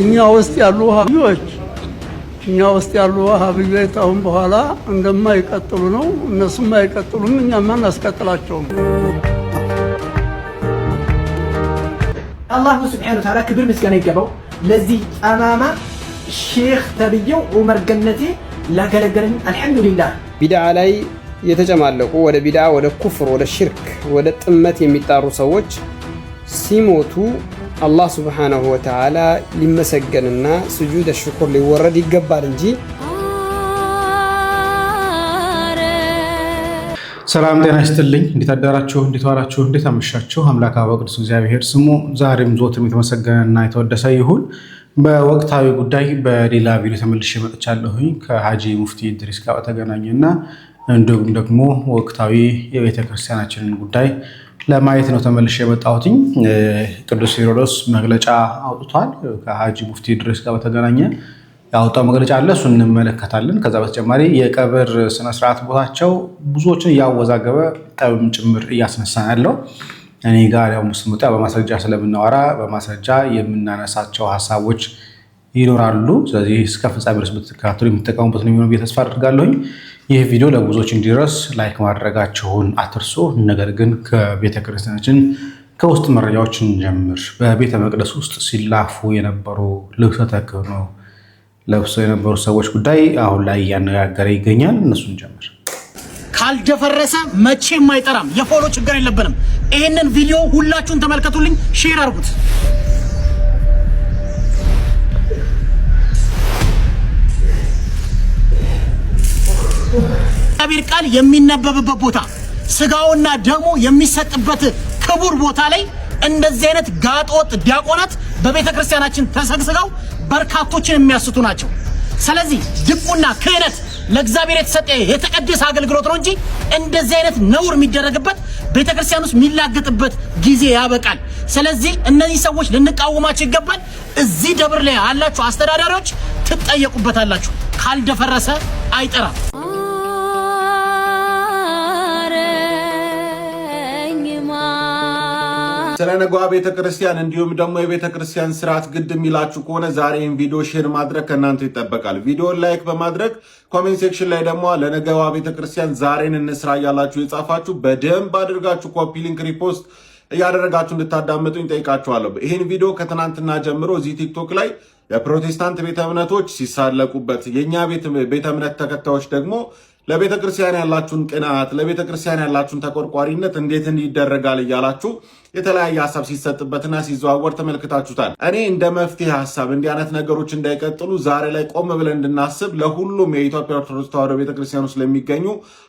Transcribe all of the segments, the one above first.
እኛ ውስጥ ያሉ ወሃቢዎች እኛ ውስጥ ያሉ ወሃቢዎች አሁን በኋላ እንደማይቀጥሉ ነው። እነሱም አይቀጥሉም፣ እኛም አናስቀጥላቸውም። አላህ ስብሐነሁ ወተዓላ ክብር ምስጋና ይገባው። ለዚህ ጠማማ ሼክ ተብዬው ዑመር ገነቴ ላገለገለን አልሐምዱሊላህ። ቢድዓ ላይ የተጨማለቁ ወደ ቢድዓ፣ ወደ ኩፍር፣ ወደ ሽርክ፣ ወደ ጥመት የሚጣሩ ሰዎች ሲሞቱ አላህ ስብሓናሁ ወተዓላ ሊመሰገንና ስጁድ ሽኩር ሊወረድ ይገባል እንጂ። ሰላም ጤና ይስጥልኝ። እንዴት አደራችሁ? እንዴት ዋላችሁ? እንዴት አመሻችሁ? አምላክ በቅዱስ እግዚአብሔር ስሙ ዛሬም ዘወትርም የተመሰገነና የተወደሰ ይሁን። በወቅታዊ ጉዳይ በሌላ ቪዲዮ ተመልሼ መጥቻለሁኝ ከሀጂ ሙፍቲ ኢድሪስ ጋር በተገናኘና እንዲሁም ደግሞ ወቅታዊ የቤተክርስቲያናችንን ጉዳይ ለማየት ነው ተመልሼ የመጣሁትኝ። ቅዱስ ሲኖዶስ መግለጫ አውጥቷል። ከሀጂ ሙፍቲ ድረስ ጋር በተገናኘ ያወጣው መግለጫ አለ። እሱን እንመለከታለን። ከዛ በተጨማሪ የቀብር ስነስርዓት ቦታቸው ብዙዎችን እያወዛገበ ጠብም ጭምር እያስነሳ ያለው እኔ ጋር ያው ሙስሙጣ በማስረጃ ስለምናወራ በማስረጃ የምናነሳቸው ሀሳቦች ይኖራሉ። ስለዚህ እስከ ፍጻሜ ድረስ ብትከታተሉ የምትጠቀሙበት ነው የሚሆነው ተስፋ አድርጋለሁኝ። ይህ ቪዲዮ ለብዙዎች እንዲደርስ ላይክ ማድረጋችሁን አትርሱ። ነገር ግን ከቤተ ክርስቲያናችን ከውስጥ መረጃዎችን ጀምር። በቤተ መቅደስ ውስጥ ሲላፉ የነበሩ ልብሰ ተክህኖ ለብሰው የነበሩ ሰዎች ጉዳይ አሁን ላይ እያነጋገረ ይገኛል። እነሱን ጀምር። ካልደፈረሰ መቼም አይጠራም። የፎሎ ችግር የለብንም። ይህንን ቪዲዮ ሁላችሁን ተመልከቱልኝ፣ ሼር አድርጉት። የእግዚአብሔር ቃል የሚነበብበት ቦታ፣ ስጋውና ደሙ የሚሰጥበት ክቡር ቦታ ላይ እንደዚህ አይነት ጋጦጥ ዲያቆናት በቤተ ክርስቲያናችን ተሰግስገው በርካቶችን የሚያስቱ ናቸው። ስለዚህ ድቁና ክህነት ለእግዚአብሔር የተሰጠ የተቀደሰ አገልግሎት ነው እንጂ እንደዚህ አይነት ነውር የሚደረግበት ቤተ ክርስቲያን ውስጥ የሚላገጥበት ጊዜ ያበቃል። ስለዚህ እነዚህ ሰዎች ልንቃወማቸው ይገባል። እዚህ ደብር ላይ ያላችሁ አስተዳዳሪዎች ትጠየቁበታላችሁ። ካልደፈረሰ አይጠራም። ስለ ነገዋ ቤተ ክርስቲያን እንዲሁም ደግሞ የቤተ ክርስቲያን ስርዓት ግድ የሚላችሁ ከሆነ ዛሬ ቪዲዮ ሼር ማድረግ ከእናንተ ይጠበቃል። ቪዲዮን ላይክ በማድረግ ኮሜንት ሴክሽን ላይ ደግሞ ለነገዋ ቤተ ክርስቲያን ዛሬን እንስራ እያላችሁ የጻፋችሁ በደንብ አድርጋችሁ ኮፒ ሊንክ፣ ሪፖስት እያደረጋችሁ እንድታዳምጡኝ ጠይቃችኋለሁ። ይህን ቪዲዮ ከትናንትና ጀምሮ እዚህ ቲክቶክ ላይ የፕሮቴስታንት ቤተ እምነቶች ሲሳለቁበት፣ የእኛ ቤተ እምነት ተከታዮች ደግሞ ለቤተ ክርስቲያን ያላችሁን ቅናት፣ ለቤተ ክርስቲያን ያላችሁን ተቆርቋሪነት እንዴት ይደረጋል እያላችሁ የተለያየ ሀሳብ ሲሰጥበትና ሲዘዋወር ተመልክታችሁታል። እኔ እንደ መፍትሄ ሀሳብ እንዲህ አይነት ነገሮች እንዳይቀጥሉ ዛሬ ላይ ቆም ብለን እንድናስብ ለሁሉም የኢትዮጵያ ኦርቶዶክስ ተዋሕዶ ቤተክርስቲያን ውስጥ ለሚገኙ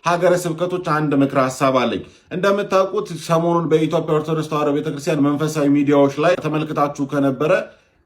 ሀገረ ስብከቶች አንድ ምክር ሀሳብ አለኝ። እንደምታውቁት ሰሞኑን በኢትዮጵያ ኦርቶዶክስ ተዋሕዶ ቤተክርስቲያን መንፈሳዊ ሚዲያዎች ላይ ተመልክታችሁ ከነበረ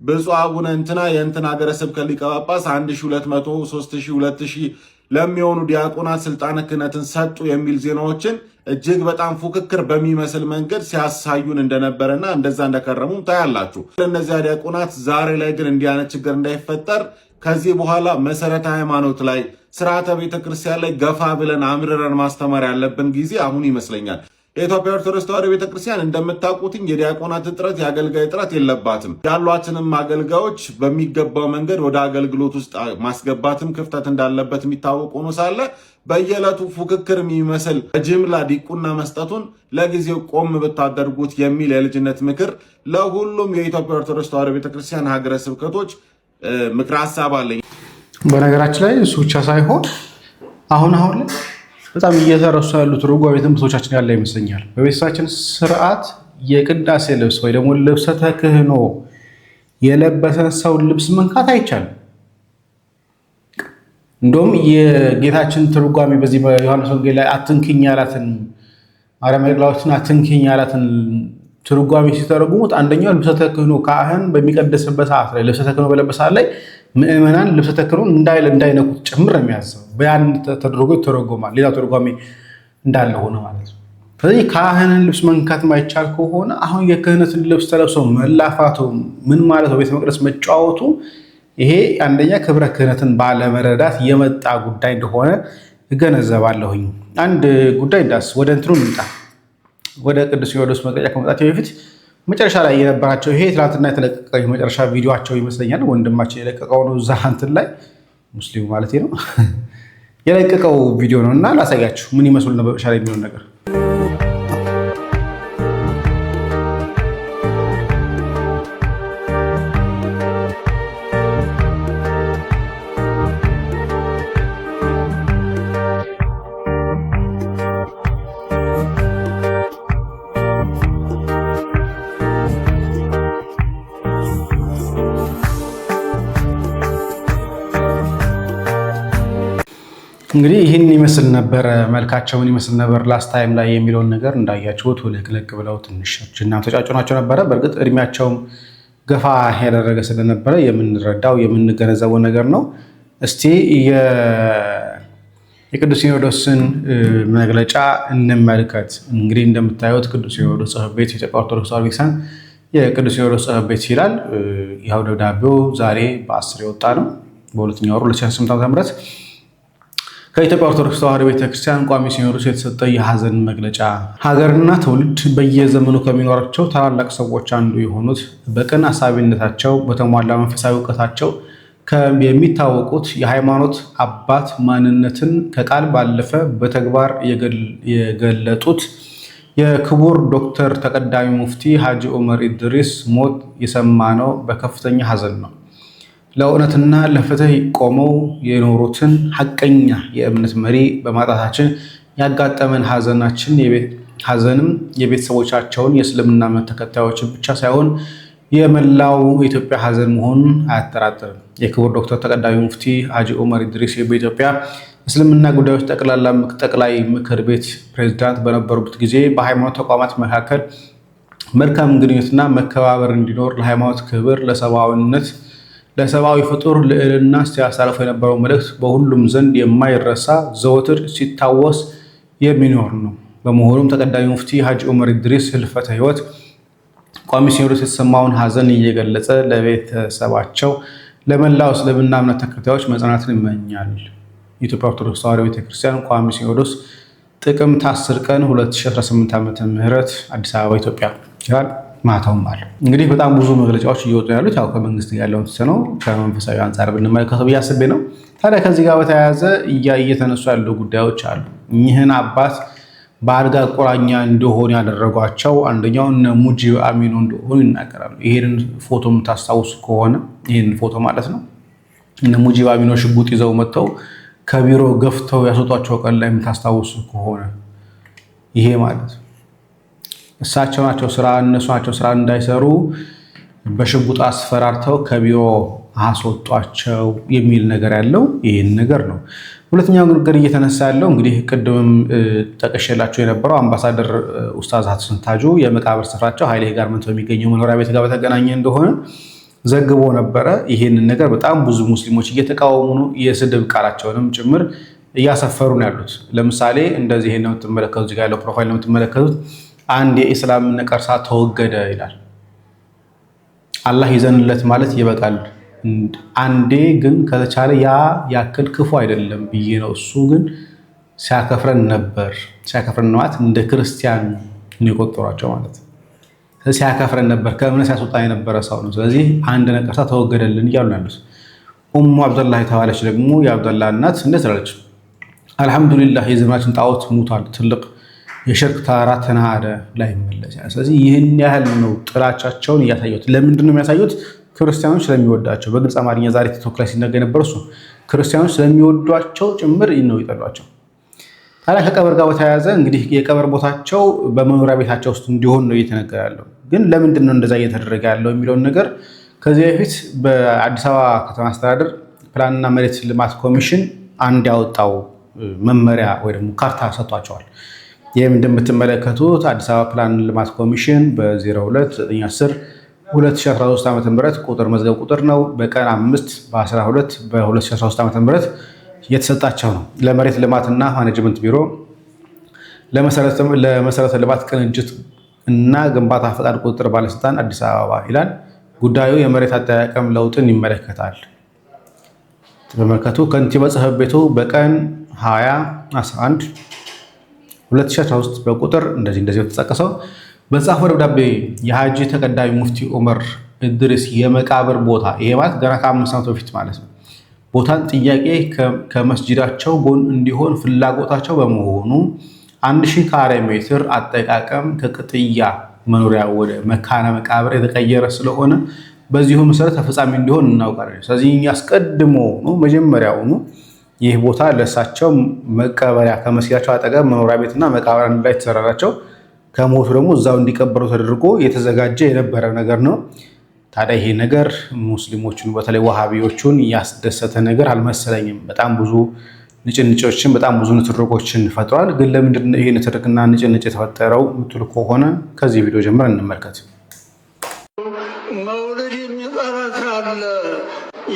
ብፁዕ አቡነ እንትና የእንትን ሀገረ ስብከት ሊቀ ጳጳስ 1200፣ 3200 ለሚሆኑ ዲያቆናት ስልጣነ ክህነትን ሰጡ የሚል ዜናዎችን እጅግ በጣም ፉክክር በሚመስል መንገድ ሲያሳዩን እንደነበረና እንደዛ እንደከረሙም ታያላችሁ። እነዚያ ዲያቆናት ዛሬ ላይ ግን እንዲህ አይነት ችግር እንዳይፈጠር ከዚህ በኋላ መሰረተ ሃይማኖት ላይ ስርዓተ ቤተክርስቲያን ላይ ገፋ ብለን አምርረን ማስተማር ያለብን ጊዜ አሁን ይመስለኛል። የኢትዮጵያ ኦርቶዶክስ ተዋሕዶ ቤተክርስቲያን እንደምታውቁትኝ የዲያቆናት እጥረት፣ የአገልጋይ እጥረት የለባትም። ያሏትንም አገልጋዮች በሚገባው መንገድ ወደ አገልግሎት ውስጥ ማስገባትም ክፍተት እንዳለበት የሚታወቅ ሆኖ ሳለ በየዕለቱ ፉክክር የሚመስል በጅምላ ዲቁና መስጠቱን ለጊዜው ቆም ብታደርጉት የሚል የልጅነት ምክር ለሁሉም የኢትዮጵያ ኦርቶዶክስ ተዋሕዶ ቤተክርስቲያን ሀገረ ስብከቶች ምክር ሀሳብ አለኝ። በነገራችን ላይ እሱ ብቻ ሳይሆን አሁን አሁን በጣም እየተረሱ ያሉ ትርጓሜ ብዙዎቻችን ያለ ይመስለኛል። በቤተሰባችን ስርዓት የቅዳሴ ልብስ ወይ ደግሞ ልብሰ ተክህኖ የለበሰን ሰው ልብስ መንካት አይቻልም። እንደውም የጌታችን ትርጓሜ በዚህ በዮሐንስ ወንጌል ላይ አትንክኝ ያላትን ማርያም መግደላዊትን አትንክኝ ያላትን ትርጓሜ ሲተረጉሙት አንደኛው ልብሰ ተክህኖ ካህን በሚቀደስበት ሰዓት ላይ ልብሰ ተክህኖ በለበሰ ላይ ምእመናን ልብሰ ተክህኖን እንዳይነኩት ጭምር የሚያስበው በያን ተደርጎ ይተረጎማል። ሌላ ተርጓሚ እንዳለ ሆነ ማለት ነው። ስለዚህ ካህንን ልብስ መንካት ማይቻል ከሆነ አሁን የክህነትን ልብስ ተለብሶ መላፋቱ ምን ማለት ነው? ቤተ መቅደስ መጫወቱ ይሄ አንደኛ ክብረ ክህነትን ባለመረዳት የመጣ ጉዳይ እንደሆነ እገነዘባለሁኝ። አንድ ጉዳይ እንዳስ ወደ እንትኑ ምጣ ወደ ቅዱስ ሲኖዶስ መግለጫ ከመጣት በፊት መጨረሻ ላይ የነበራቸው ይሄ ትናንትና የተለቀቀ የመጨረሻ ቪዲዮቸው ይመስለኛል። ወንድማችን የለቀቀው ነው እዛ እንትን ላይ ሙስሊሙ ማለት ነው የለቀቀው ቪዲዮ ነው እና ላሳያችሁ ምን ይመስሉ ነው በመጨረሻ ላይ የሚሆን ነገር እንግዲህ ይህን ይመስል ነበረ። መልካቸውን ይመስል ነበር ላስት ታይም ላይ የሚለውን ነገር እንዳያችሁት ሁልቅልቅ ብለው ትንሽ እርጅና ናቸው ነበረ። በእርግጥ እድሜያቸውም ገፋ ያደረገ ስለነበረ የምንረዳው የምንገነዘበው ነገር ነው። እስቲ የቅዱስ ሲኖዶስን መግለጫ እንመልከት። እንግዲህ እንደምታዩት ቅዱስ ሲኖዶስ ጽሕፈት ቤት የኢትዮጵያ ኦርቶዶክስ ተዋሕዶ ቤተክርስቲያን የቅዱስ ሲኖዶስ ጽሕፈት ቤት ይላል። ይኸው ደብዳቤው ዛሬ በአስር የወጣ ነው። በሁለተኛ ወሩ 2018 ዓ.ም ከኢትዮጵያ ኦርቶዶክስ ተዋሕዶ ቤተክርስቲያን ቋሚ ሲኖዶስ የተሰጠ የሀዘን መግለጫ። ሀገርና ትውልድ በየዘመኑ ከሚኖራቸው ታላላቅ ሰዎች አንዱ የሆኑት በቅን አሳቢነታቸው በተሟላ መንፈሳዊ እውቀታቸው የሚታወቁት የሃይማኖት አባት ማንነትን ከቃል ባለፈ በተግባር የገለጡት የክቡር ዶክተር ተቀዳሚ ሙፍቲ ሐጂ ዑመር ኢድሪስ ሞት የሰማነው በከፍተኛ ሀዘን ነው። ለእውነትና ለፍትህ ቆመው የኖሩትን ሀቀኛ የእምነት መሪ በማጣታችን ያጋጠመን ሀዘናችን ሀዘንም የቤተሰቦቻቸውን የእስልምና እምነት ተከታዮችን ብቻ ሳይሆን የመላው ኢትዮጵያ ሀዘን መሆኑን አያጠራጥርም። የክቡር ዶክተር ተቀዳሚ ሙፍቲ ሐጂ ኡመር ኢድሪስ በኢትዮጵያ እስልምና ጉዳዮች ጠቅላይ ምክር ቤት ፕሬዝዳንት በነበሩበት ጊዜ በሃይማኖት ተቋማት መካከል መልካም ግንኙነትና መከባበር እንዲኖር ለሃይማኖት ክብር፣ ለሰብአዊነት ለሰብአዊ ፍጡር ልዕልና ሲያሳልፎ የነበረው መልእክት በሁሉም ዘንድ የማይረሳ ዘወትር ሲታወስ የሚኖር ነው። በመሆኑም ተቀዳሚ ሙፍቲ ሀጂ ዑመር ኢድሪስ ህልፈተ ህይወት ቋሚ ሲኖዶስ የተሰማውን ሀዘን እየገለጸ ለቤተሰባቸው፣ ለመላው እስልምና እምነት ተከታዮች መጽናትን ይመኛል። የኢትዮጵያ ኦርቶዶክስ ተዋሕዶ ቤተክርስቲያን ቋሚ ሲኖዶስ ጥቅምት 10 ቀን 2018 ም አዲስ አበባ ኢትዮጵያ ይላል። ማታውም አለ። እንግዲህ በጣም ብዙ መግለጫዎች እየወጡ ያሉት ያው ከመንግስት ያለውን ነው ከመንፈሳዊ አንጻር ብንመለከተው እያስቤ ነው። ታዲያ ከዚህ ጋር በተያያዘ እየተነሱ ያሉ ጉዳዮች አሉ። እኚህን አባት በአልጋ ቁራኛ እንደሆኑ ያደረጓቸው አንደኛው እነ ሙጂብ አሚኖ እንደሆኑ ይናገራሉ። ይሄንን ፎቶ የምታስታውሱ ከሆነ ይህን ፎቶ ማለት ነው እነ ሙጂብ አሚኖ ሽጉጥ ይዘው መጥተው ከቢሮ ገፍተው ያስወጧቸው ቀን ላይ የምታስታውሱ ከሆነ ይሄ ማለት እሳቸው ናቸው ስራ እነሱ ናቸው ስራ እንዳይሰሩ በሽጉጥ አስፈራርተው ከቢሮ አስወጧቸው የሚል ነገር ያለው ይህን ነገር ነው። ሁለተኛው ነገር እየተነሳ ያለው እንግዲህ ቅድምም ጠቅሼላቸው የነበረው አምባሳደር ኡስታዝ ሀሰን ታጁ የመቃብር ስፍራቸው ኃይሌ ጋርመንት በሚገኘው መኖሪያ ቤት ጋር በተገናኘ እንደሆነ ዘግቦ ነበረ። ይህንን ነገር በጣም ብዙ ሙስሊሞች እየተቃወሙ ነው። የስድብ ቃላቸውንም ጭምር እያሰፈሩ ነው ያሉት። ለምሳሌ እንደዚህ ነው የምትመለከቱት፣ ጋ ያለው ፕሮፋይል ነው የምትመለከቱት አንድ የኢስላም ነቀርሳ ተወገደ ይላል። አላህ ይዘንለት ማለት ይበቃል። አንዴ ግን ከተቻለ ያ ያክል ክፉ አይደለም ብዬ ነው። እሱ ግን ሲያከፍረን ነበር። ሲያከፍረን ማለት እንደ ክርስቲያን የቆጠሯቸው ማለት ሲያከፍረን ነበር፣ ከእምነት ሲያስወጣ የነበረ ሰው ነው። ስለዚህ አንድ ነቀርሳ ተወገደልን እያሉ ያሉት። ኡሙ አብደላ የተባለች ደግሞ የአብደላ እናት እንደት ትላለች፣ አልሐምዱሊላህ የዘመናችን ጣዖት ሙቷል ትልቅ የሽርክ ተራ ተናደ ላይ ይመለሳል። ስለዚህ ይህን ያህል ነው ጥላቻቸውን እያሳዩት። ለምንድን ነው የሚያሳዩት? ክርስቲያኖች ስለሚወዳቸው። በግልጽ አማርኛ ዛሬ ቲክቶክ ላይ ሲነገር ነበር። እሱ ክርስቲያኖች ስለሚወዷቸው ጭምር ነው ይጠሏቸው። ታዲያ ከቀብር ጋር በተያያዘ እንግዲህ የቀብር ቦታቸው በመኖሪያ ቤታቸው ውስጥ እንዲሆን ነው እየተነገረ ያለው። ግን ለምንድን ነው እንደዛ እየተደረገ ያለው የሚለውን ነገር ከዚህ በፊት በአዲስ አበባ ከተማ አስተዳደር ፕላንና መሬት ልማት ኮሚሽን አንድ ያወጣው መመሪያ ወይ ደግሞ ካርታ ሰጥቷቸዋል። ይህም እንደምትመለከቱት አዲስ አበባ ፕላን ልማት ኮሚሽን በ0210 2013 ዓ ም ቁጥር መዝገብ ቁጥር ነው። በቀን 5 በ12 በ2013 ዓ ም የተሰጣቸው ነው። ለመሬት ልማትና ማኔጅመንት ቢሮ ለመሰረተ ልማት ቅንጅት እና ግንባታ ፈቃድ ቁጥጥር ባለስልጣን አዲስ አበባ ይላል። ጉዳዩ የመሬት አጠቃቀም ለውጥን ይመለከታል። ተመልከቱ። ከንቲባ ጽሕፈት ቤቱ በቀን 20 11 2013 በቁጥር እንደዚህ እንደዚህ የተጠቀሰው በተጻፈው ደብዳቤ የሀጂ ተቀዳሚ ሙፍቲ ዑመር እድሪስ የመቃብር ቦታ ይሄ ማለት ገና ከአምስት ዓመት በፊት ማለት ነው ቦታን ጥያቄ ከመስጂዳቸው ጎን እንዲሆን ፍላጎታቸው በመሆኑ አንድ ሺህ ካሬ ሜትር አጠቃቀም ከቅጥያ መኖሪያ ወደ መካነ መቃብር የተቀየረ ስለሆነ በዚሁ መሰረት ተፈጻሚ እንዲሆን እናውቃለን። ስለዚህ አስቀድሞውኑ መጀመሪያውኑ ይህ ቦታ ለእሳቸው መቀበሪያ ከመስጊዳቸው አጠገብ መኖሪያ ቤትና መቃብር አንድ ላይ የተሰራላቸው ከሞቱ ደግሞ እዛው እንዲቀበሩ ተደርጎ የተዘጋጀ የነበረ ነገር ነው። ታዲያ ይሄ ነገር ሙስሊሞቹን በተለይ ዋሃቢዎቹን ያስደሰተ ነገር አልመሰለኝም። በጣም ብዙ ንጭንጮችን፣ በጣም ብዙ ንትርኮችን ፈጥሯል። ግን ለምንድን ይህ ይሄ ንትርክና ንጭንጭ የተፈጠረው ምትል ከሆነ ከዚህ ቪዲዮ ጀምር እንመልከት። መውለድ የሚጠራ ካለ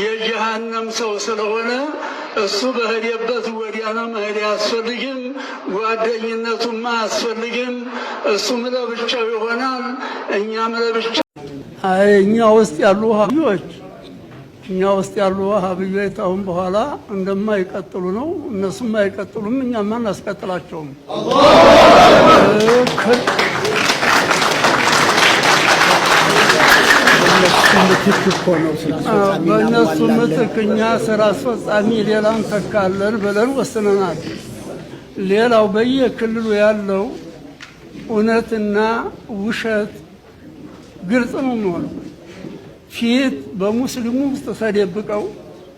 የጀሃነም ሰው ስለሆነ እሱ በሄደበት ወዲያና መሄድ አያስፈልግም። ጓደኝነቱማ አያስፈልግም። እሱም ለብቻው ይሆናል፣ እኛም ለብቻ። እኛ ውስጥ ያሉ ወሃብዮች እኛ ውስጥ ያሉ ወሃብዮች አሁን በኋላ እንደማይቀጥሉ ነው። እነሱም አይቀጥሉም፣ እኛማ እናስቀጥላቸውም። ምትክ እኮ በእነሱ ምትክ እኛ ስራ አስፈጻሚ ሌላ እንተካለን ብለን ወስነናል። ሌላው በየክልሉ ያለው እውነትና ውሸት ግልጽ ነው የሚሆነው። ፊት በሙስሊሙ ውስጥ ተደብቀው፣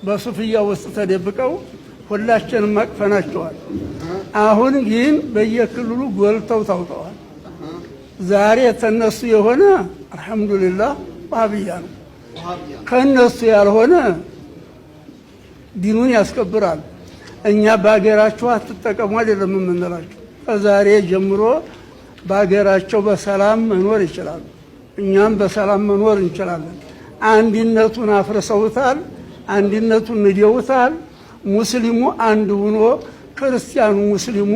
በሱፍያ ውስጥ ተደብቀው ሁላችንም አቅፈናቸዋል። አሁን ግን በየክልሉ ጎልተው ታውጠዋል። ዛሬ ተነሱ የሆነ አልሐምዱሊላህ ዋሃብያ ነው። ከእነሱ ያልሆነ ዲኑን ያስከብራል። እኛ በሀገራችሁ አትጠቀሙ አይደለም የምንላቸው። ከዛሬ ጀምሮ በሀገራቸው በሰላም መኖር ይችላሉ። እኛም በሰላም መኖር እንችላለን። አንድነቱን አፍርሰውታል። አንድነቱን ንደውታል። ሙስሊሙ አንድ ሆኖ ክርስቲያኑ ሙስሊሙ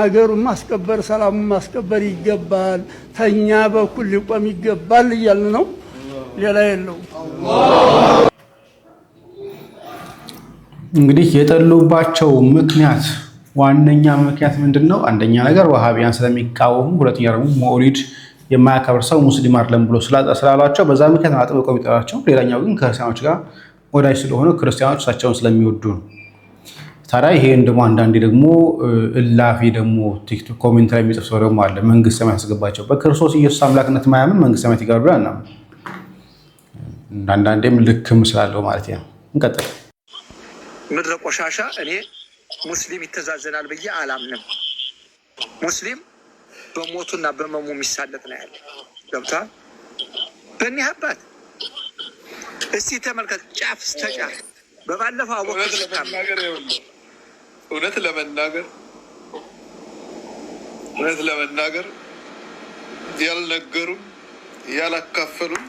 አገሩን ማስከበር ሰላሙን ማስከበር ይገባል። ተኛ በኩል ሊቆም ይገባል እያልን ነው። ሌላ እንግዲህ የጠሉባቸው ምክንያት ዋነኛ ምክንያት ምንድን ነው? አንደኛ ነገር ዋሃቢያን ስለሚቃወሙ፣ ሁለተኛ ደግሞ መውሊድ የማያከብር ሰው ሙስሊም አይደለም ብሎ ስላሏቸው በዛ ምክንያት አጥብቀው የሚጠላቸው፣ ሌላኛው ግን ከክርስቲያኖች ጋር ወዳጅ ስለሆኑ ክርስቲያኖች እሳቸውን ስለሚወዱ ነው። ታዲያ ይሄን ደግሞ አንዳንዴ ደግሞ እላፊ ደግሞ ቲክቶክ ኮሜንት ላይ የሚጽፍ ሰው ደግሞ አለ። መንግስት ሰማያት ያስገባቸው በክርስቶስ ኢየሱስ አምላክነት ማያምን መንግስት ሰማያት ይገባል ብለን አንዳንዴም ልክም ስላለው ማለት ነው። እንቀጥል። ምድረ ቆሻሻ እኔ ሙስሊም ይተዛዘናል ብዬ አላምንም። ሙስሊም በሞቱና በመሙ የሚሳለጥ ነው ያለ ገብታ በኒህ አባት እስቲ ተመልከት፣ ጫፍ እስከ ጫፍ በባለፈው አወቅናገር እውነት ለመናገር እውነት ለመናገር ያልነገሩም ያላካፈሉም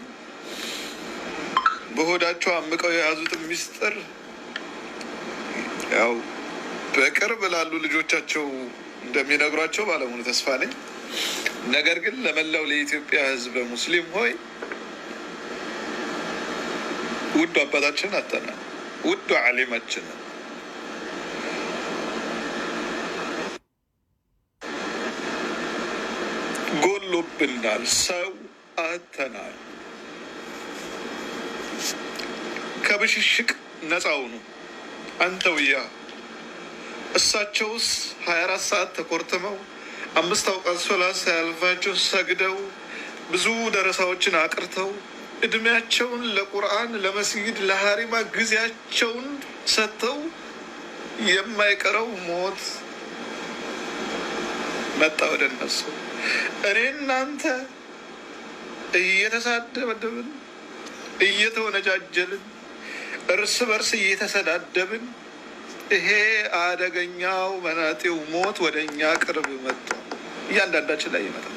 በሆዳቸው አምቀው የያዙትን ሚስጥር ያው በቅርብ ላሉ ልጆቻቸው እንደሚነግሯቸው ባለሙሉ ተስፋ ነኝ። ነገር ግን ለመላው ለኢትዮጵያ ህዝብ ሙስሊም ሆይ ውዱ አባታችንን አተናል ውዱ ዓሊማችንን ጎሎብናል፣ ሰው አተናል። ከብሽሽቅ ነፃ ሁኑ። አንተውያ እሳቸውስ ሀያ አራት ሰዓት ተኮርትመው አምስት አውቃት ሶላት ሳያልፋቸው ሰግደው ብዙ ደረሳዎችን አቅርተው እድሜያቸውን ለቁርአን ለመስጊድ ለሀሪማ ጊዜያቸውን ሰጥተው የማይቀረው ሞት መጣ ወደ እነሱ። እኔ እናንተ እየተሳደበደብን እየተወነጃጀልን እርስ በርስ እየተሰዳደብን ይሄ አደገኛው መናጤው ሞት ወደ እኛ ቅርብ መጥቶ እያንዳንዳችን ላይ ይመጣል።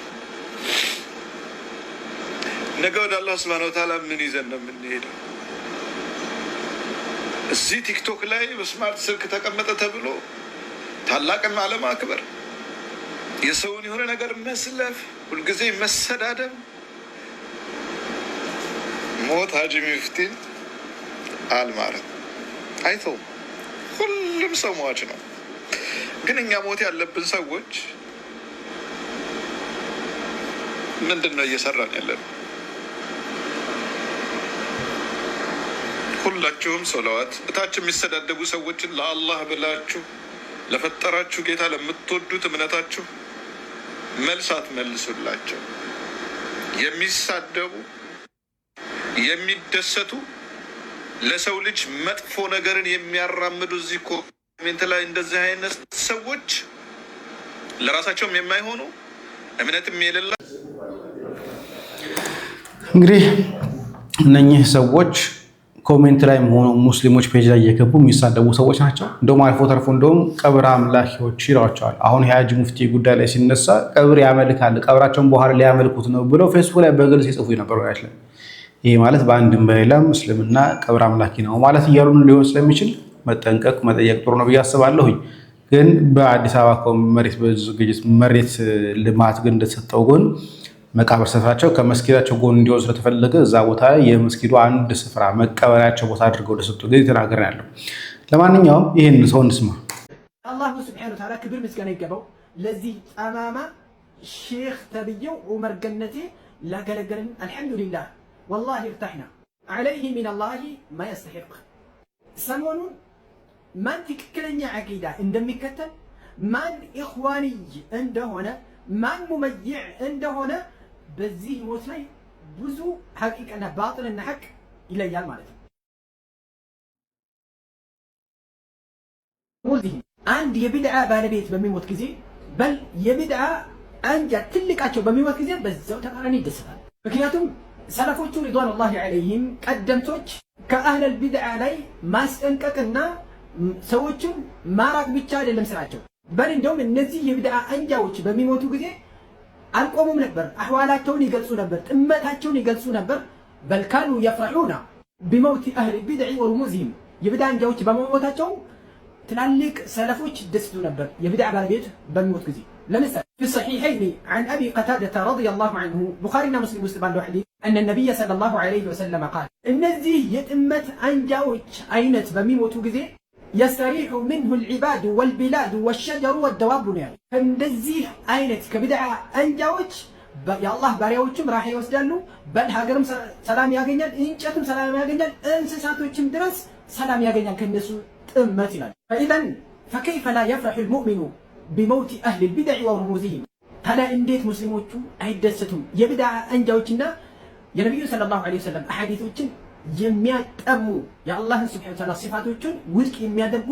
ነገ ወደ አላህ ስብሃነ ወተዓላ ምን ይዘን ነው የምንሄደው? እዚህ ቲክቶክ ላይ በስማርት ስልክ ተቀመጠ ተብሎ ታላቅን አለማክበር፣ የሰውን የሆነ ነገር መስለፍ፣ ሁልጊዜ መሰዳደብ ሞት ሀጂ ሚፍቲን አል ማለት አይተው ሁሉም ሰው ሟች ነው። ግን እኛ ሞት ያለብን ሰዎች ምንድን ነው እየሰራን ያለን? ሁላችሁም ሶለዋት እታች የሚሰዳደቡ ሰዎችን ለአላህ ብላችሁ ለፈጠራችሁ ጌታ ለምትወዱት እምነታችሁ መልስ አትመልሱላቸው። የሚሳደቡ የሚደሰቱ ለሰው ልጅ መጥፎ ነገርን የሚያራምዱ እዚህ ኮሜንት ላይ እንደዚህ አይነት ሰዎች ለራሳቸውም የማይሆኑ እምነትም የሌላ እንግዲህ እነኚህ ሰዎች ኮሜንት ላይ ሆኖ ሙስሊሞች ፔጅ ላይ እየገቡ የሚሳደቡ ሰዎች ናቸው። እንደውም አልፎ ተርፎ እንደውም ቀብር አምላኪዎች ይሏቸዋል። አሁን የሀጂ ሙፍቲ ጉዳይ ላይ ሲነሳ ቀብር ያመልካል፣ ቀብራቸውን በኋላ ሊያመልኩት ነው ብለው ፌስቡክ ላይ በግልጽ ሲጽፉ ነበሩ። ይህ ማለት በአንድም በሌላም እስልምና ቀብር አምላኪ ነው ማለት እያሉን ሊሆን ስለሚችል መጠንቀቅ መጠየቅ ጥሩ ነው ብዬ አስባለሁኝ። ግን በአዲስ አበባ እኮ መሬት በዝግጅት መሬት ልማት ግን እንደተሰጠው ጎን መቃብር ስፍራቸው ከመስጊዳቸው ጎን እንዲሆን ስለተፈለገ እዛ ቦታ የመስጊዱ አንድ ስፍራ መቀበሪያቸው ቦታ አድርገው እንደሰጡ ግን ተናገርን ያለው። ለማንኛውም ይህን ሰው እንስማ። አላሁ ስብሐነሁ ወተዓላ ክብር ምስጋና ይገባው። ለዚህ ጠማማ ሼክ ተብዬው ዑመር ገነቴ ላገለገለን አልሐምዱሊላህ ወላሂ እርታሕና ዓለይህ ሚነላሂ ማያስተሒቅ ሰሞኑን ማን ትክክለኛ ዐቂዳ እንደሚከተል ማን ኢኽዋንይ እንደሆነ ማን ሙመይዕ እንደሆነ በዚህ ሞት ላይ ብዙ ሐቂቅና ባጥልና ሐቅ ይለያል ማለት ነው። አንድ የቢድዓ ባለቤት በሚሞት ጊዜ በል የቢድዓ አንጃ ትልቃቸው በሚሞት ጊዜ በዛው ተቃራኒ ይደሰታል። ምክንያቱም ሰለፎቹ ሪድዋኑላሂ ዐለይሂም ቀደምቶች ከአህለል ቢድዓ ላይ ማስጠንቀቅና ሰዎችን ማራቅ ብቻ አይደለም ስራቸው። በል እንደውም እነዚህ የቢድዓ አንጃዎች በሚሞቱ ጊዜ አልቆሙም ነበር። አህዋላቸውን ይገልጹ ነበር፣ ጥመታቸውን ይገልጹ ነበር። በልካኑ የፍረሑና ቢመውቲ አህል ቢድዕ ወሩሙዚህም የቢድዓ አንጃዎች በመሞታቸው ትላልቅ ሰለፎች ደስቱ ነበር፣ የቢድዓ ባለቤት በሚሞት ጊዜ። ለምሳሌ ፊ ሰሒሐይኒ ዐን አቢ ቀታደተ ረዲየላሁ ዐንሁ ቡኻሪና ሙስሊም ውስጥ ባለው ሐዲስ እነ ነቢይ ሰለላሁ ዐለይሂ ወሰለም ቃል እነዚህ የጥመት አንጃዎች አይነት በሚሞቱ ጊዜ የስተሪሑ ምንሁ ልዕባዱ ወልቢላዱ ወሸጀሩ ወደዋቡ ነው ያሉ። ከእንደዚህ አይነት ከቢድዓ አንጃዎች የአላህ ባሪያዎችም ራሓ ይወስዳሉ። በል ሀገርም ሰላም ያገኛል፣ እንጨትም ሰላም ያገኛል፣ እንስሳቶችም ድረስ ሰላም ያገኛል ከእነሱ ጥመት ይላል። ፈኢዘን ፈከይፈ ላ የፍረሑ ልሙእሚኑ ቢመውቲ አህሊ ልቢድዕ ወሩሙዚህም ታዲያ እንዴት ሙስሊሞቹ አይደሰቱም የቢድዓ አንጃዎችና የነቢዩ ሰለላሁ ዐለይሂ ወሰለም አሐዲቶችን የሚያጠሙ የአላህን ስብሐነ ወተዓላ ሲፋቶችን ውድቅ የሚያደርጉ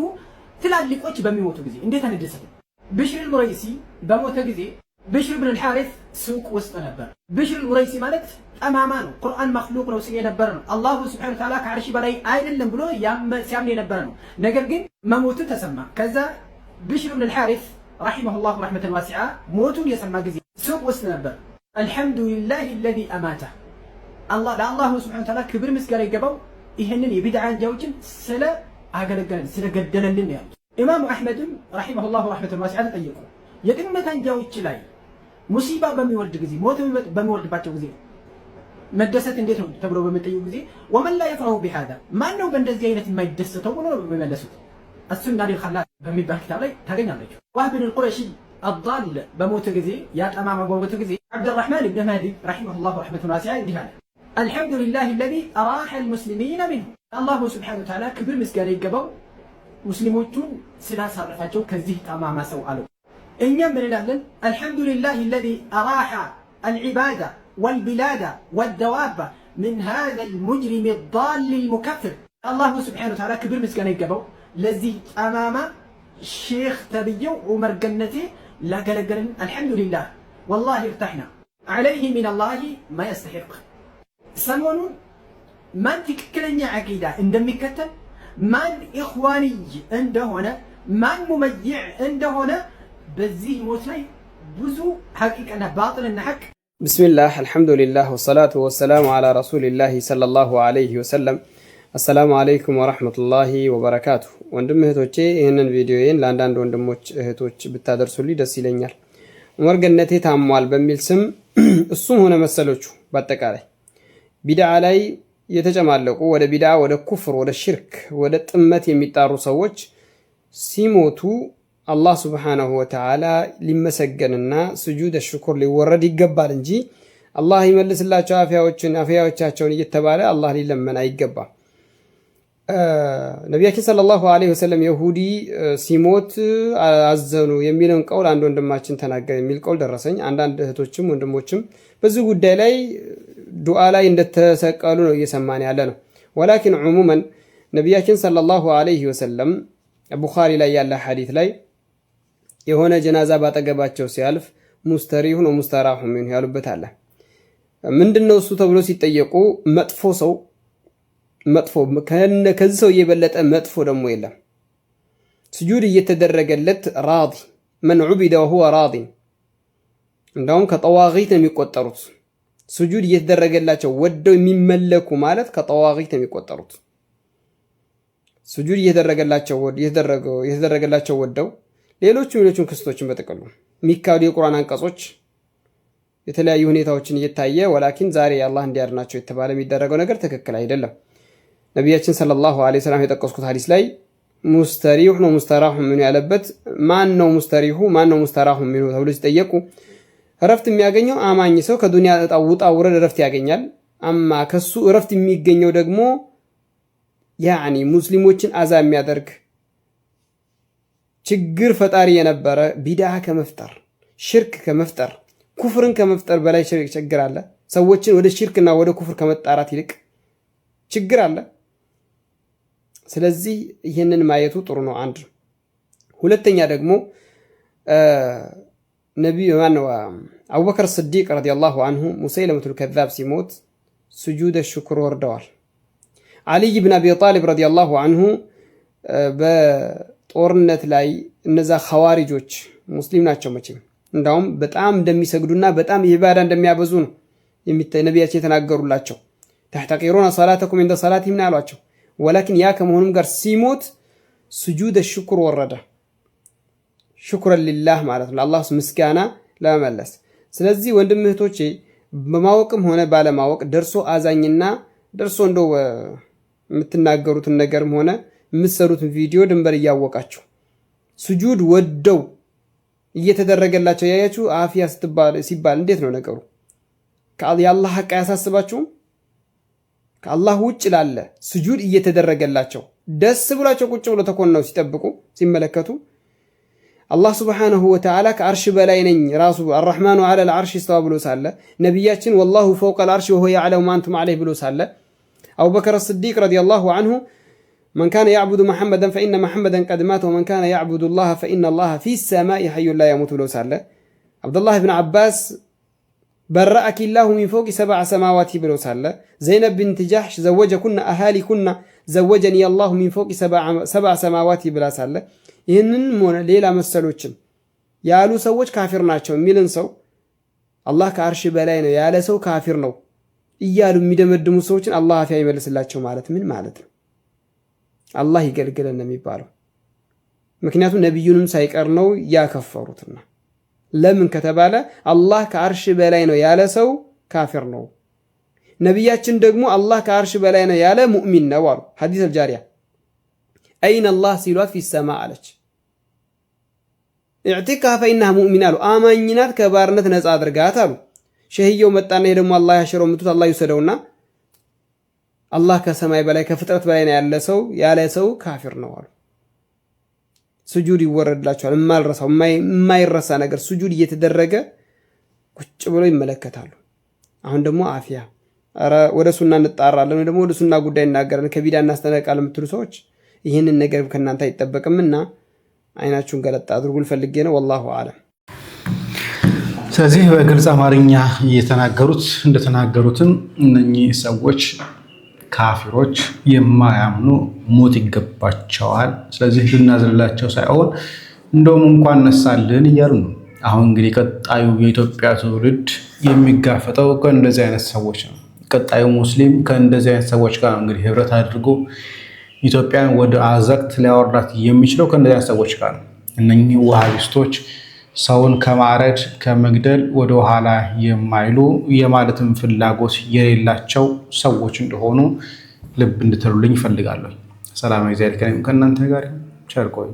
ትላልቆች በሚሞቱ ጊዜ እንዴት አንደሰት። ብሽር ኡረይሲ በሞተ ጊዜ ብሽር ብን ልሓሪስ ሱቅ ውስጥ ነበር። ብሽር ኡረይሲ ማለት ጠማማ ነው። ቁርአን መክሉቅ ነው ሲል የነበረ ነው። አላሁ ስብሐነ ወተዓላ ከዓርሺ በላይ አይደለም ብሎ ሲያምን የነበረ ነው። ነገር ግን መሞቱ ተሰማ። ከዛ ብሽር ብን ልሓሪስ ረሒመሁላሁ ረሕመተን ዋሲዓ ሞቱን የሰማ ጊዜ ሱቅ ውስጥ ነበር። አልሐምዱሊላህ ለዚ አማተ አላህ ለአላህ ሱብሓነሁ ወተዓላ ክብር ምስጋና ይገባው። ይህንን የቢድዓ አንጃዎችን ስለ አገለገለን ስለ ገደለልን ነው ያሉት። ኢማሙ አሕመድም ረሒመሁላሁ ረሕመተን ዋሲዐን ጠየቁ። የቅመት አንጃዎች ላይ ሙሲባ በሚወርድ ጊዜ ሞት በሚወርድባቸው ጊዜ መደሰት እንዴት ነው ተብሎ በሚጠይቁ ጊዜ ወመን ላ የፍረሁ ቢሃዛ ማን ነው በእንደዚህ አይነት የማይደሰተው ብሎ ነው የሚመለሱት። አሱና ሊልላ በሚባል ኪታብ ላይ ታገኛላችሁ። ዋህብ ብን ቁረሺ አዳል በሞተ ጊዜ ያጠማማ በሞተ ጊዜ ዓብድራሕማን ብን ማህዲ ረሒመሁላሁ ረሕመተን ዋሲዐ እንዲህ አለ አልሐምዱሊላህ ለዚ ራሐ ልሙስሊሚነ ሚንሁ አላሁ ስብሓነ ወተዓላ ክብር ምስጋና ይገባው ሙስሊሞቹን ስላሳረፋቸው ከዚህ ጠማማ ሰው አለው። እኛም ምን እንላለን? አልሐምዱሊላህ ለዚ ራሐ አልዒባዳ ወልቢላዳ ወደዋባ ምን ሃዛ ልሙጅሪም ዳል ልሙከፍር አላሁ ስብሓነ ወተዓላ ክብር ምስጋና ይገባው ለዚህ ጠማማ ሼክ ተብየው ዑመር ገነቴ ላገለገለን አልሐምዱሊላህ ወላሂ እርታሕና ዓለይህ ሚን አላሂ ማ የስተሒቅ ሰሞኑን ማን ትክክለኛ አቂዳ እንደሚከተል ማን ኢኽዋንይ እንደሆነ ማን ሙመይዕ እንደሆነ በዚህ ሞት ላይ ብዙ ሐቂቅና ባጥልና ሐቅ። ብስሚላህ አልሐምዱሊላህ ወሰላቱ ወሰላሙ ዓላ ረሱሊላህ ሰለላሁ ዐለይሂ ወሰለም። አሰላሙ አለይኩም ወረሕመቱላሂ ወበረካቱ። ወንድም እህቶቼ ይህንን ቪዲዮዬን ለአንዳንድ ወንድሞች እህቶች ብታደርሱልኝ ደስ ይለኛል። ዑመር ገነቴ ታሟል በሚል ስም እሱም ሆነ መሰሎቹ በአጠቃላይ ቢድዓ ላይ የተጨማለቁ ወደ ቢድዓ ወደ ኩፍር ወደ ሽርክ ወደ ጥመት የሚጣሩ ሰዎች ሲሞቱ አላህ ስብሓነሁ ወተዓላ ሊመሰገንና ስጁድ ሽኩር ሊወረድ ይገባል እንጂ አላህ ይመልስላቸው አፍያዎችን አፍያዎቻቸውን እየተባለ አላህ ሊለመን አይገባም። ነቢያችን ሰለላሁ ዐለይሂ ወሰለም የሁዲ ሲሞት አዘኑ የሚለውን ቀውል አንድ ወንድማችን ተናገር የሚል ቀውል ደረሰኝ። አንዳንድ እህቶችም ወንድሞችም በዚህ ጉዳይ ላይ ዱዓ ላይ እንደተሰቀሉ ነው እየሰማን ያለ ነው። ወላኪን ዑሙመን ነቢያችን ሰለላሁ አለይህ ወሰለም ቡኻሪ ላይ ያለ ሐዲት ላይ የሆነ ጀናዛ ባጠገባቸው ሲያልፍ ሙስተሪ ሁን ሙስተራሁ ሚን ያሉበት አለ። ምንድን ነው እሱ ተብሎ ሲጠየቁ መጥፎ ሰው መጥፎ ከዚህ ሰው የበለጠ መጥፎ ደግሞ የለም። ስጁድ እየተደረገለት ራዲ መን ዑቢደ ወሁወ ራዲ፣ እንዳውም ከጠዋቂት ነው የሚቆጠሩት ስጁድ እየተደረገላቸው ወደው የሚመለኩ ማለት ከጠዋቂት የሚቆጠሩት ስጁድ እየተደረገላቸው ወደው ሌሎቹ ሌሎቹን ክስቶችን በጥቅሉ የሚካዱ የቁርአን አንቀጾች የተለያዩ ሁኔታዎችን እየታየ ወላኪን ዛሬ አላህ እንዲያድናቸው የተባለ የሚደረገው ነገር ትክክል አይደለም። ነቢያችን ሰለላሁ ዐለይሂ ወሰለም የጠቀስኩት ሀዲስ ላይ ሙስተሪሁ ነው ሙስተራሁ የሚሉ ያለበት ማን ነው ሙስተሪሁ ማን ነው ሙስተራሁ የሚሉ ተብሎ ሲጠየቁ እረፍት የሚያገኘው አማኝ ሰው ከዱንያ እጣ ውጣ ውረድ እረፍት ያገኛል። አማ ከሱ እረፍት የሚገኘው ደግሞ ያኒ ሙስሊሞችን አዛ የሚያደርግ ችግር ፈጣሪ የነበረ ቢድዓ ከመፍጠር ሽርክ ከመፍጠር ኩፍርን ከመፍጠር በላይ ችግር አለ። ሰዎችን ወደ ሽርክና ወደ ኩፍር ከመጣራት ይልቅ ችግር አለ። ስለዚህ ይህንን ማየቱ ጥሩ ነው። አንድ ሁለተኛ ደግሞ ነቢዩ ማነው አቡበከር ስዲቅ ረዲየላሁ አንሁ ሙሰይለመቱል ከዛብ ሲሞት ስጁደ ሽኩር ወርደዋል። አልይ ብን አቢ ጣሊብ ረዲየላሁ አንሁ በጦርነት ላይ እነዛ ኸዋሪጆች ሙስሊም ናቸው መቼም እንዳውም በጣም እንደሚሰግዱና በጣም ኢባዳ እንደሚያበዙ ነው ነቢያችን የተናገሩላቸው። ተሕተቂሩነ ሰላተኩም እንደ ሰላቲሂም አሏቸው። ወላኪን ያ ከመሆኑም ጋር ሲሞት ስጁደ ሽኩር ወረደ። ሽኩረን ሊላህ ማለት ነው፣ ለአላህ ምስጋና ለመመለስ። ስለዚህ ወንድም እህቶቼ በማወቅም ሆነ ባለማወቅ ደርሶ አዛኝና ደርሶ እንደው የምትናገሩትን ነገርም ሆነ የምትሰሩትን ቪዲዮ ድንበር እያወቃችሁ ስጁድ ወደው እየተደረገላቸው ያያችሁ አፍያ ሲባል እንዴት ነው ነገሩ? የአላህ ሀቅ አያሳስባችሁም? ከአላህ ውጭ ላለ ስጁድ እየተደረገላቸው ደስ ብሏቸው ቁጭ ብሎ ተኮንነው ሲጠብቁ ሲመለከቱ الله سبحانه وتعالى كعرش ወተዓላ ከአርሽ الرحمن على العرش استوى ዓለ ልዓርሽ نبيات والله فوق العرش وهو يعلم ما أنتم عليه ማንቱም ዓለይህ ብሎ بكر الصديق رضي الله عنه من كان يعبد محمدا فإن محمدا قد مات ومن كان يعبد الله فإن الله في السماء حي لا يموت لو سأله عبد الله بن عباس برأك الله من فوق سبع سماوات بلو سأله زينب بنت جحش زوج كنا أهالي كنا زوجني الله من فوق سبع, سبع سماوات بلا سأله ይህንንም ሆነ ሌላ መሰሎችን ያሉ ሰዎች ካፊር ናቸው የሚልን ሰው አላህ ከአርሽ በላይ ነው ያለ ሰው ካፊር ነው እያሉ የሚደመድሙ ሰዎችን አላህ አፊያ ይመልስላቸው ማለት ምን ማለት ነው? አላህ ይገልግለን ነው የሚባለው። ምክንያቱም ነቢዩንም ሳይቀር ነው ያከፈሩትና ለምን ከተባለ አላህ ከአርሽ በላይ ነው ያለ ሰው ካፊር ነው። ነቢያችን ደግሞ አላህ ከአርሽ በላይ ነው ያለ ሙእሚን ነው አሉ። ሐዲስ አልጃሪያ አይን አላህ ሲሏት ፊሰማ አለች። ኢዕቲቅሃ ፈኢና ሙእሚን አሉ። አማኝናት ከባርነት ነፃ አድርጋት አሉ። ሸህየው መጣና ይሄ ደግሞ አላህ ያሸረው ምቱት አላህ ይውሰደውና አላህ ከሰማይ በላይ ከፍጥረት በላይ ነው ያለ ሰው ያለ ሰው ካፊር ነው አሉ። ስጁድ ይወረድላቸዋል። የማልረሳው የማይረሳ ነገር ስጁድ እየተደረገ ቁጭ ብሎ ይመለከታሉ። አሁን ደግሞ አፍያ ወደ ሱና እንጣራለን ወይ ደግሞ ወደ ሱና ጉዳይ እናገራለን ከቢዳ እናስጠነቃለን የምትሉ ሰዎች ይህንን ነገር ከእናንተ አይጠበቅምና አይናችሁን ገለጣ አድርጉ ፈልጌ ነው። ወላሁ አለም። ስለዚህ በግልጽ አማርኛ እየተናገሩት እንደተናገሩትም እነኚህ ሰዎች ካፊሮች የማያምኑ ሞት ይገባቸዋል። ስለዚህ ልናዝንላቸው ሳይሆን እንደውም እንኳን እነሳልን እያሉ ነው። አሁን እንግዲህ ቀጣዩ የኢትዮጵያ ትውልድ የሚጋፈጠው ከእንደዚህ አይነት ሰዎች ነው። ቀጣዩ ሙስሊም ከእንደዚህ አይነት ሰዎች ጋር እንግዲህ ህብረት አድርጎ ኢትዮጵያን ወደ አዘቅት ሊያወርዳት የሚችለው ከእነዚያ ሰዎች ጋር ነው። እነኚህ ውሃቢስቶች ሰውን ከማረድ ከመግደል ወደ ኋላ የማይሉ የማለትም ፍላጎት የሌላቸው ሰዎች እንደሆኑ ልብ እንድትሉልኝ ይፈልጋለሁ። ሰላማዊ ዚያድ ከእናንተ ጋር ቸር ቆዩ።